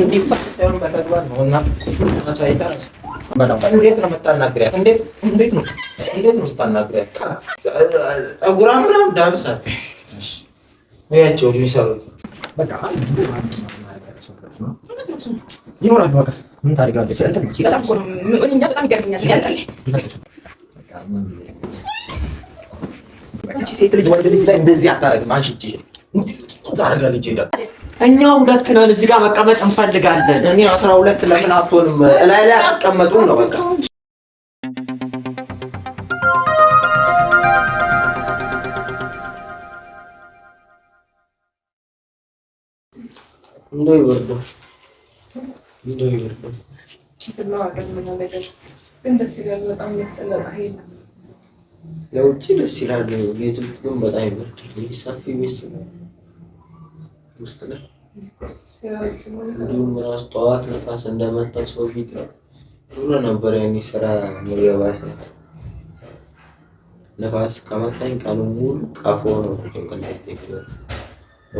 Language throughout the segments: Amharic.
እንዲፈቱ ሳይሆን በተግባር ነው እና እንዴት ነው የምታናግሪያት? እንዴት ነው የምታናግሪያት? ጸጉራ ምናምን ዳብሳል ያቸው የሚሰሩት ይኖራል። በቃ ምን ታደርጋለች? ሴት ልጅ ወንድ ልጅ ላይ እንደዚህ አታደርግም። ታደርጋለች ሄዳ እኛ ሁለት ነን እዚህ ጋር መቀመጥ እንፈልጋለን። እኔ አስራ ሁለት ለምን አትሆንም? እላይ ላይ አትቀመጡም ነው በቃ እንደው ይወርዳል እንደው ይወርዳል። የውጭ ደስ ይላል፣ ቤት ግን በጣም ይበርዳል። ሰፊ ቤት ውስጥ ነው። እንዲሁም ራሱ ጠዋት ነፋስ እንደመታው ሰው ፊት ነው ብሎ ነበር። ያኔ ስራ ምገባ ሰዓት ነፋስ ከመታኝ ቀኑ ሙሉ ቀፎ ነው ጭንቅላት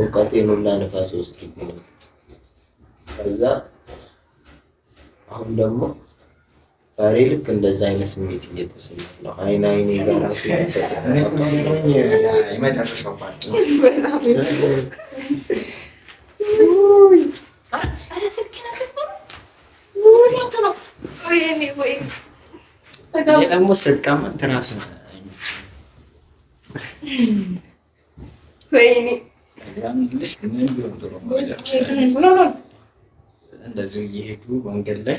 እውቀቴን ሁላ ነፋስ ውስጥ ነው። ከዛ አሁን ደግሞ ዛሬ ልክ እንደዛ አይነት ስሜት እየተሰማ ነው። አይን አይኔ ጋር ደግሞ ስቀመጥ ትራስ እንደዚሁ እየሄዱ መንገድ ላይ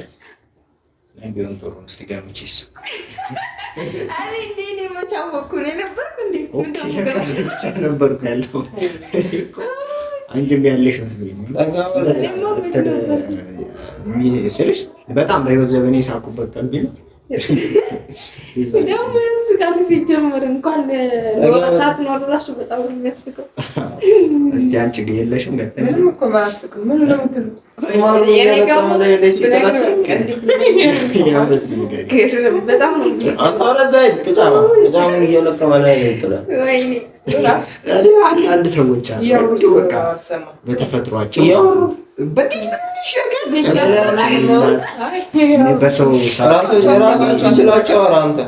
ምን ቢሆን ጥሩ ነው? ገምቼ እሱ እንዴ ነው ነው ነበርኩ እንዴ ነበርኩ ያለው አንቺም ያለሽ ስልሽ በጣም በህይወት ዘመኔ የሳኩበት ቀን ቢኖር Exato. Então, mas ይወጣል ሲጀምር እንኳን ሰዓት ራሱ በጣም እስቲ አንቺ ግን የለሽም ሰዎች በተፈጥሯቸው ችላቸው ነገር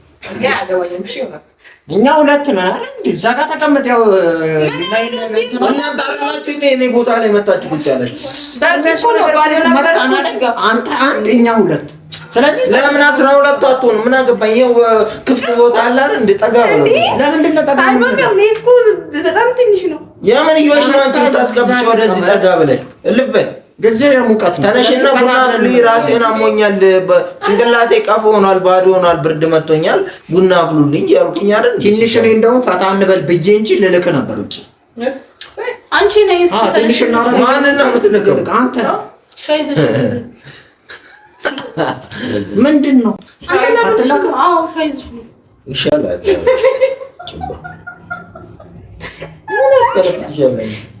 እኛ ሁለት ነን አይደል? እዛ ጋር ተቀመጥ። ያው እናንተ አረላችሁ እኔ ቦታ ላይ መጣችሁ ቁጭ ያለች አንተ አንድ እኛ ሁለት። ስለዚህ ለምን አስራ ሁለቱ አትሆኑ? ምን አገባኝ? ይኸው ክፍት ቦታ አለ አይደል? እንደ ጠጋ ብለው ለምንድን ነው ጠጋ በጣም ትንሽ ነው። የምን እየሆንሽ ነው አንቺ የምታስገብጪው ወደዚህ ጠጋ ብለሽ ልበል ገንዘብ ሙቀት ነው። ተነሽና ቡና ፍሊ። ራሴን አሞኛል፣ ጭንቅላቴ ቀፎ ሆኗል፣ ባዶ ሆኗል፣ ብርድ መቶኛል፣ ቡና ፍሉልኝ ያልኩኝ አይደል? ትንሽ እኔ እንደውም ፈታ እንበል ብዬ እንጂ ልልክ ነበር ውጭ። አንቺ ነይ ነሽ ትንሽና ማንን ነው የምትልከው? አንተ ምንድን ነው ይሻላል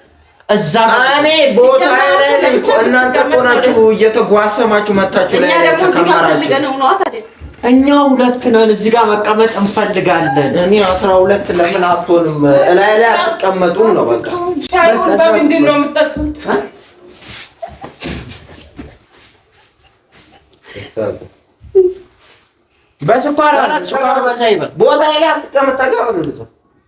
እዛ እኔ ቦታ ላይ እናንተ እኮ ናችሁ እየተጓሰማችሁ መታችሁ ላይ ተከማራችሁ። እኛ ሁለት ነን እዚህ ጋር መቀመጥ እንፈልጋለን። እኔ አስራ ሁለት ለምን አትሆንም? እላይ ላይ አትቀመጡም ነው በቃ። በስኳር ቦታ ላይ አትቀመጥ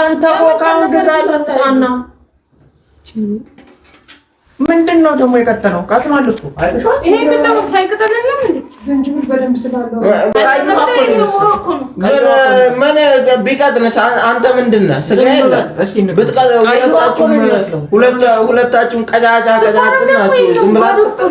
አንተ ኮካውን ግዛል ወጣና ምንድን ነው ደግሞ የቀጠነው? ቀጥኗል እኮ ይሄ ምን እንዴ? ዝንጅብል ቢቀጥንስ? አንተ ምንድን ነህ? ስጋ የለም። እስኪ ሁለታችሁን ቀጫጫ ቀጫጭ ናችሁ ዝም ብላችሁ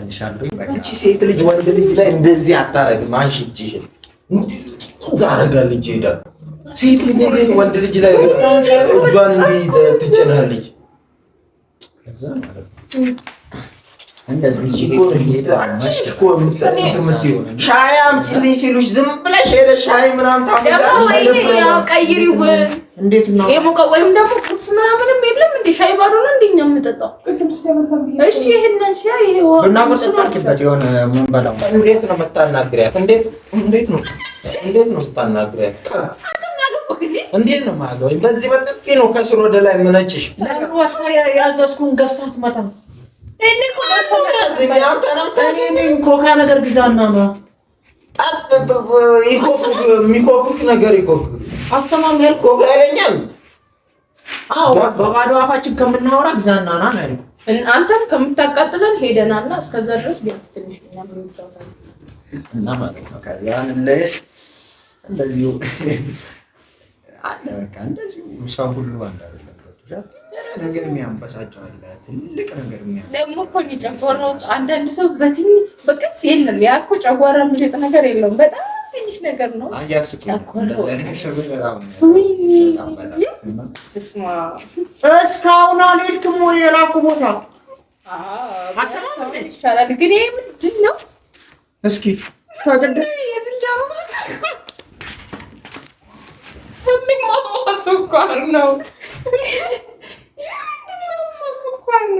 አንቺ ሴት ልጅ ወንድ ልጅ ላይ እንደዚህ አታረግም። አንቺ እጅሽን እንዲህ ይሄዳል። ሴት ልጅ ወንድ ልጅ ላይ እጇን እንዲህ ትጭናለች። ሻይ አምጪልኝ ሲሉሽ ዝም ብለሽ ሄደሽ ሻይ ምናምን ቀይሪው። የሞቀ ወይም ደግሞ ጥብስ ምናምንም የለም እንደ ሻይ ባዶ ነው እንደኛ የምንጠጣው። እሺ ይሄንን ሻይ ይሄ ውሃ እና ቁርስ ማርኪበት የሆነ ምንበላው። እንዴት ነው የምታናግሪያት? እንዴት እንዴት ነው እንዴት ነው የምታናግሪያት? እንዴት ነው ማለት በዚህ በጥፊ ነው ከስር ወደ ላይ መነጭሽ ያዘዝኩን ገዝታት መጣ ኮካ ነገር ግዛና የሚኮኩት ነገር በባዶ አፋችን ከምናወራ ግዛና ና አንተም ከምታቃጥለን ሄደናል። እስከዛ ድረስ ቢያንስ ትንሽ እና ማለት ነው። ከዛ እንለሽ እንደዚሁ አለ በቃ እንደዚሁ ሰው ሁሉ አንድ አይደለም። ትልቅ ነገር የሚያበሳጨው አለ። ትልቅ ነገር ደግሞ እኮ ጨጓራው አንዳንድ ሰው በትን በቀስ የለም ያ እኮ ጨጓራ የሚሸጥ ነገር የለውም። በጣም ትንሽ ነገር ነው። እስካሁን አልሄድክም ወይ የላኩ ቦታ ይሻላል። ግን ምንድን ነው እስኪ የሚሟሟ ስኳር ነው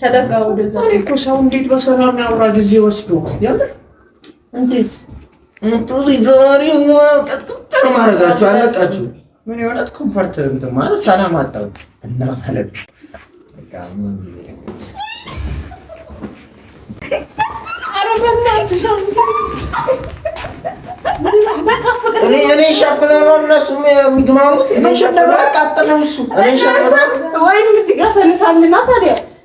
ተጠቃ ሰው እንዴት በሰላም ያውራ ጊዜ ወስዶ የምር እንዴት ጥሪ ምን የሆነት ኮንፈርት እንትን ማለት ሰላም አጣው እና ማለት እኔ ሸፍናለሁ እነሱ የሚግማሙት እኔ ሸፍናለሁ። አቃጥለው እሱ እኔ ሸፍናለሁ ወይም እዚህ ጋር ፈንሳልና ታዲያ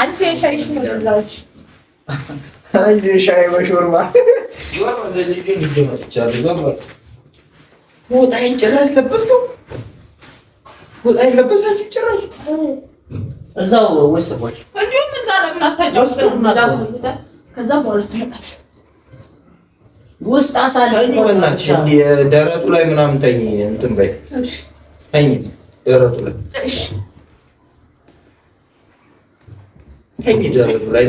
አንድ ሻይ በሾርባ ቦጣይን ጭራሽ ለበስከው። ቦጣይን ለበሳችሁ ጭራሽ እዛው ወሰቧል። እንዲሁም እዛ ለምን አታጫውስተ ከዛ በኋላ ትመጣል ውስጥ አሳለ። በእናትሽ ደረቱ ላይ ምናምን ተኝ እንትን በይ ተኝ ደረቱ ላይ ተኝ፣ ደረቱ ላይ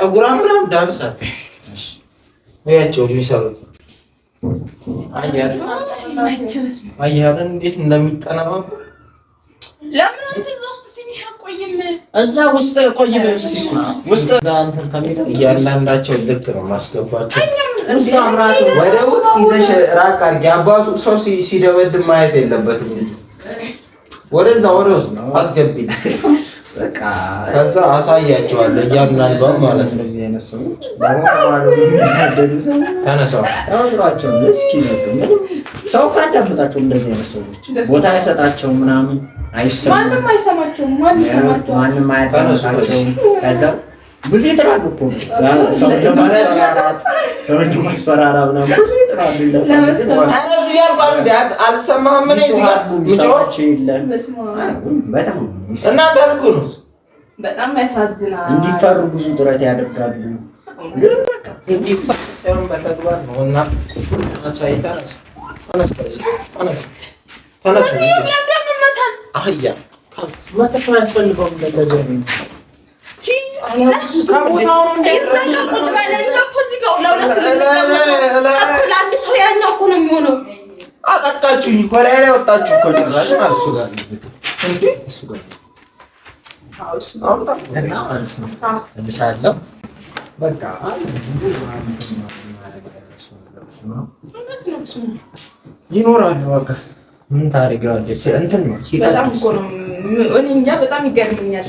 ጠጉራ ምናምን ዳብሳት ያቸው የሚሰሩት አያልን እንዴት እንደሚጠናባቡ ለምን እዛ ውስጥ ቆይም ውስጥ እያንዳንዳቸው ልክ ነው ማስገባቸው። ወደ ውስጥ ይዘሽ ራቅ አድርጊ። አባቱ ሰው ሲደበድብ ማየት የለበትም። ወደዛ ወደ ውስጥ አስገቢ ከዛ አሳያቸዋለሁ እያንዳንዷን ማለት ነው። እንደዚህ አይነት ሰዎች ተነሳው ሰው ካዳምጣቸው እንደዚህ አይነት ሰዎች ቦታ አይሰጣቸው ምናምን አይሰማም። ማንም አያዳምጣቸውም። ብዙ ይጥራሉ እኮ ሰውን ለማስፈራራት ሰውን ለማስፈራራት ነው። ብዙ ይጥራሉ ይላሉ። በጣም ያሳዝናል። እንዲፈሩ ብዙ ጥረት ያደርጋሉ። ተነሱ ከቦታው ነው ለአንድ ሰው ያኛው እኮ ነው የሚሆነው። አጠቃችሁኝ እኮ ላይ ላይ ወጣችሁ እኮ ይኖራል። በቃ ምን ታደርጊዋለሽ? እንትን ነው በጣም እኮ ነው እኔ እንጃ፣ በጣም ይገርመኛል።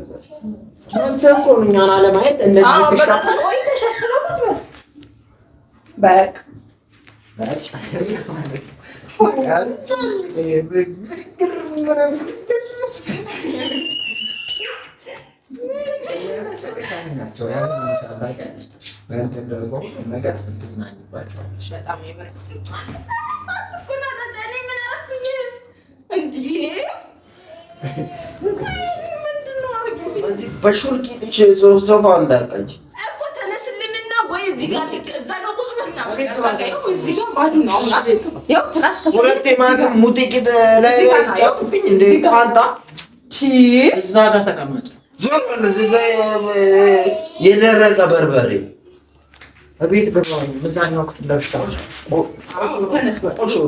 አንተ እኮ ነው እኛን አለማየት እንደዚህ ተሻፈረ። አዎ በቃ በጣም በሹልቂ ልጅ ሶፋ እንዳቀጭ እኮ ተነስልንና፣ ወይ እዚህ ጋር እዛ ጋር ቁጭ በልና፣ ሁለቴ ማንም ሙጢቂት ላይ ላይ ጫቁብኝ እንደ ቋንጣ እዛ ጋር ተቀመጭ። የደረቀ በርበሬ ቤት ገባ ምዛኛው ክፍል ለብሻ ቆሾ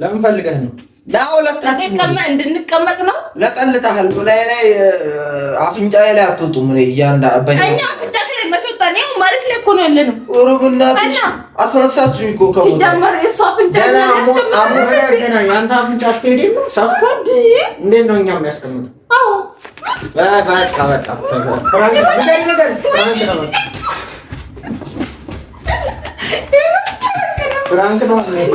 ለምን ፈልገህ ነው? እንድንቀመጥ ነው። ለጠልጠሃል ላይ ላይ አፍንጫ ላይ አትወጡም። አፍንጫ ላይ እኮ ነው ያለነው። ሩብ እናትሽ አስነሳችሁኝ እኮ ሲጀመር እሱ አፍንጫ አፍንጫ ስቴዲየም ነው ሰፍቶ እንዴት ነው እኛ የሚያስቀምጠው? በቃ በቃ フランクだね。